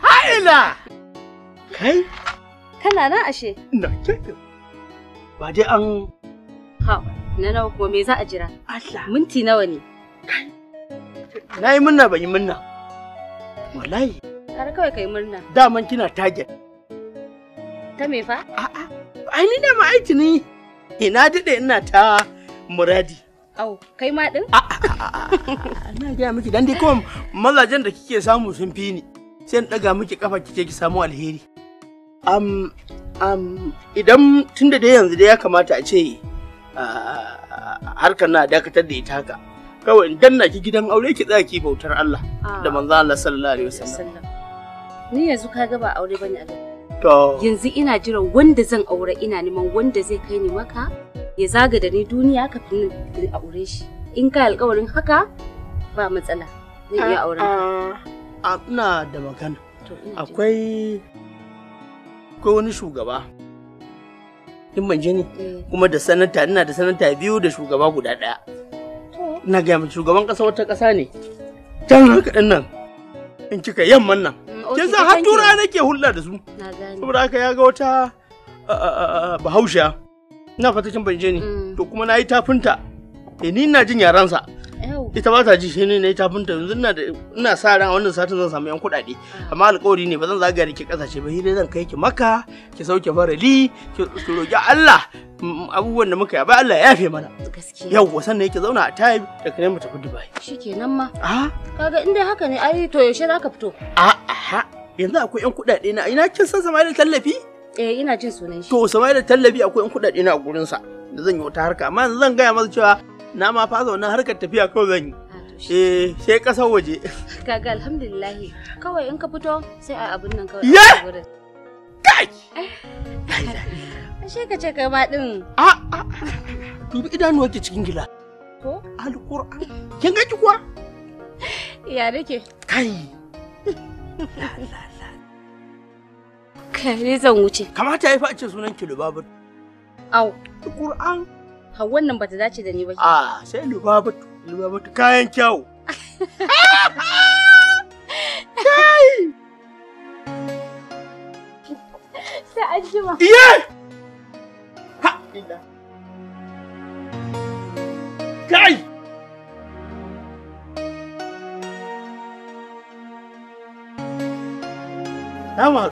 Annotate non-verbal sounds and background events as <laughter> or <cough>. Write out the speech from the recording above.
Ha'ila! Kai? Kana nan ashe? Na kyakkyau. Ba dai an... Ha, na nawa kuma me za a jira? Allah. Minti nawa ne? Kai. Na yi murna ban yi murna. Wallahi. Tare kawai ka yi murna. Daman kina target. Ta me fa? A'a. Ai ni da ma'aiki ne. Ina daɗe ina ta muradi. Au, kai ma ɗin? A'a. <laughs> Na gaya miki dan dai kawai mazajen da kike samu sun fi ni. sai in ɗaga miki kafa kike ki samu alheri am am idan tunda da yanzu da ya kamata a ce harkar na dakatar da ita haka kawai in danna ki gidan aure ki tsaya ki bautar Allah ah. da manzo Allah sallallahu alaihi wasallam ni yanzu ka ga ba aure bane a to yanzu ina jiran wanda zan aure ina neman wanda zai kai ni maka ya zaga da ni duniya kafin in aure shi in ka alƙawarin haka ba matsala zan iya ah, auren ah. ina da magana akwai akwai wani shugaba in manje ne eh. kuma da sanata ina da sanata biyu da shugaba guda daya ina gaya mu shugaban kasa wata kasa ne can haka nan in kika yamman nan mm, kin san har tura nake hulɗa da su saboda haka ya ga wata bahausha ina fata kin banje ne mm. to kuma na yi tafinta eh, ni ina jin yaransa ita ba ta ji shi ne na ita funta yanzu ina da ina sa ran a wannan satin zan samu yan kuɗaɗe amma alƙawari ne ba zan zaga da ke ƙasashe ba hira zan kai ki maka ki sauke farali ki roƙi Allah abubuwan da muka yi ba Allah ya yafe mana yau wasan ne yake zauna a tayi da kare mu tafi Dubai shikenan ma a ah? kaga in dai haka ne ai to yaushe ka fito a a yanzu akwai yan kuɗaɗe na ina kin san da tallafi eh ina jin sunan shi to da tallafi akwai yan kuɗaɗe na a gurin sa da zan yi wata harka amma zan gaya masa cewa na ma fa zauna harkar tafiya kawai zan yi ah, eh sai kasar waje kaga alhamdulillah kawai in ka fito sai a abun nan kawai ya kai <laughs> ashe ka ce kai ma din a a dubi idanuwa ke cikin gila ko alquran kin ga kuwa <laughs> ya nake kai ne zan wuce kamata ya fa a ce sunan ki lubabur au alquran wannan bata dace da ni ba. Ah, sai Lubabatu, Lubabatu kayan kyau. Kai! <laughs> Sai an jima. Iye! Ha! Kai! Dama